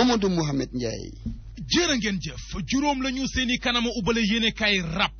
Mamadou Mouhamed Ndiaye jërë ngeen jëf juróom lañu seeni kanama ubale yéene kay rap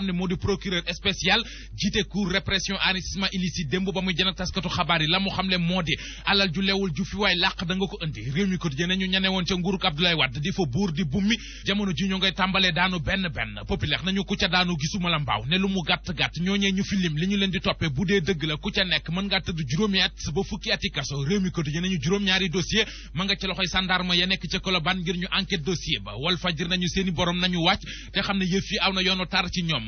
xam ne moo di procureur spécial jiite cour répression enrichissement illicite démb ba muy jën ak xabaar yi la mu xam moo di alal ju lewul ju fi waay làq da ko indi réew mi quotidien ñu ñane woon ca nguuruk Abdoulaye Wade di fa buur di bummi jamono ji ñoo ngay tàmbalee daanu benn benn populaire nañu ku ca daanu gisuma la mbaaw ne lu mu gàtt-gàtt ñooñee ñu fi li ñu leen di toppee bu dee dëgg la ku ca nekk mën ngaa tëdd juróomi at ba fukki ati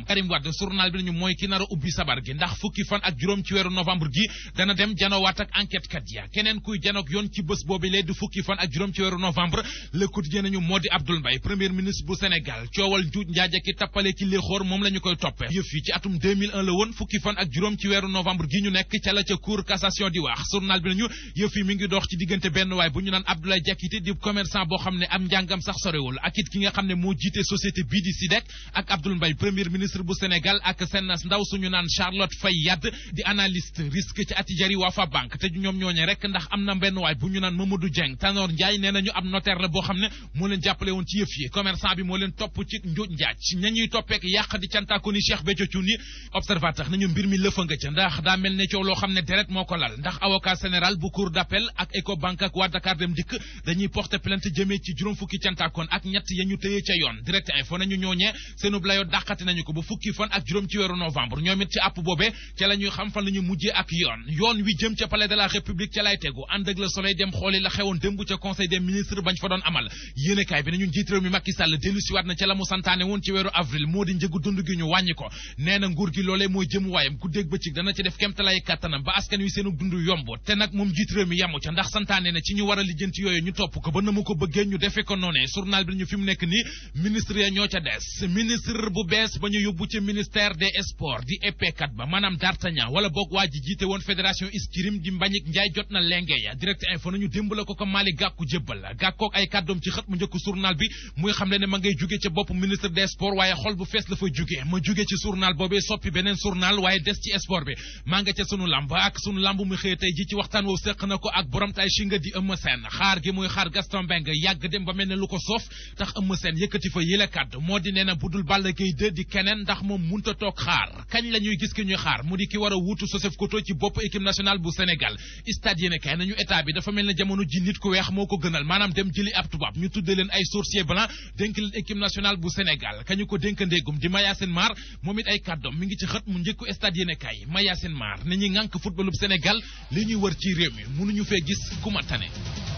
moom Karim Wade journal bi nañu mooy ki nar ubbi sabar gi ndax fukki fan ak juróom ci weeru novembre gi dana dem janowaat ak enquête kat ya keneen kuy janoog yoon ci bés boobu di fukki fan ak juróom ci weeru novembre le quotidien nañu moo di Abdoul Mbaye premier ministre bu Sénégal coowal njuuj njaaja ki léexoor moom la koy toppe yëf ci atum la woon fukki fan ak juróom ci weeru novembre gi ñu nekk ca la ca cour cassation di wax journal ministre bu Sénégal ak seen ndaw suñu naan Charlotte Faye Yadd di analyste risque ci atijari waa FABank te ñoom ñooñe rek ndax am na benn waay bu ñu naan Mamadou Dieng Tanor Ndiaye nee nañu ab notaire la boo xam ne moo leen jàppale woon ci yëf yi commerçant bi moo leen topp ci njuuj njaaj ñañuy toppeek yàq di cantaako ni Cheikh Béthio observateur nañu mbir mi lëfa ca ndax daa mel ne coow loo xam ne deret moo ko lal ndax avocat général bu cour d'appel ak ba fukki fan ak juróom ci weeru novembre ñoom it ci àpp boobee ca la ñuy xam fan la ñu ak yoon wi jëm ca palais de la république ca lay tegu ànd ak le soleil dem xooli la xewoon démb ca conseil des ministres bañ fa doon amal yéenekaay bi nañu njiit mi Macky Sall dellu na ca la mu santaane woon ci weeru avril moo di njëgu dund gi ñu wàññi ko nee nguur gi loolee mooy jëm waayam ku dégg bëccëg dana ci def kemtalay kàttanam ba askan wi seenu a yóbbu ca ministère des sports di épkat ba maanaam d'artagnan wala boog ji jiite woon fédération escrime di mbañik njaay jot na lenge ya direct info nañu démb la ko ko maali gàkku jébbal la gàkkook ay kàddoom ci xët mu njëkk journal bi muy xam le ne ma ngay jóge ca bopp ministre des sports waaye xol bu fees la fa jóge ma jóge ci journal boobee soppi beneen journal waaye des ci sport bi maa ca sunu lamb ak sunu lamb mu xëy tey ji ci waxtaan woow séq ndax moom munta toog xaar kañ la ñuy gis ki ñuy xaar mu di ki war a wuutu Joseph Koto ci bopp équipe nationale bu Sénégal stade yéene kay nañu état bi dafa mel ne jamono ji nit ku weex moo ko gënal maanaam dem jëli ab tubaab ñu tudde leen ay sorcier blanc dénk leen équipe nationale bu Sénégal kañu ko dénk ndéegum di Mayacine Mar moom it ay kàddoom mi ngi ci xët mu njëkku stade yéene kay Mayacine Mar ne ñi ngànk footballub Sénégal li ñuy wër ci réew mi mënuñu fee gis ku ma tane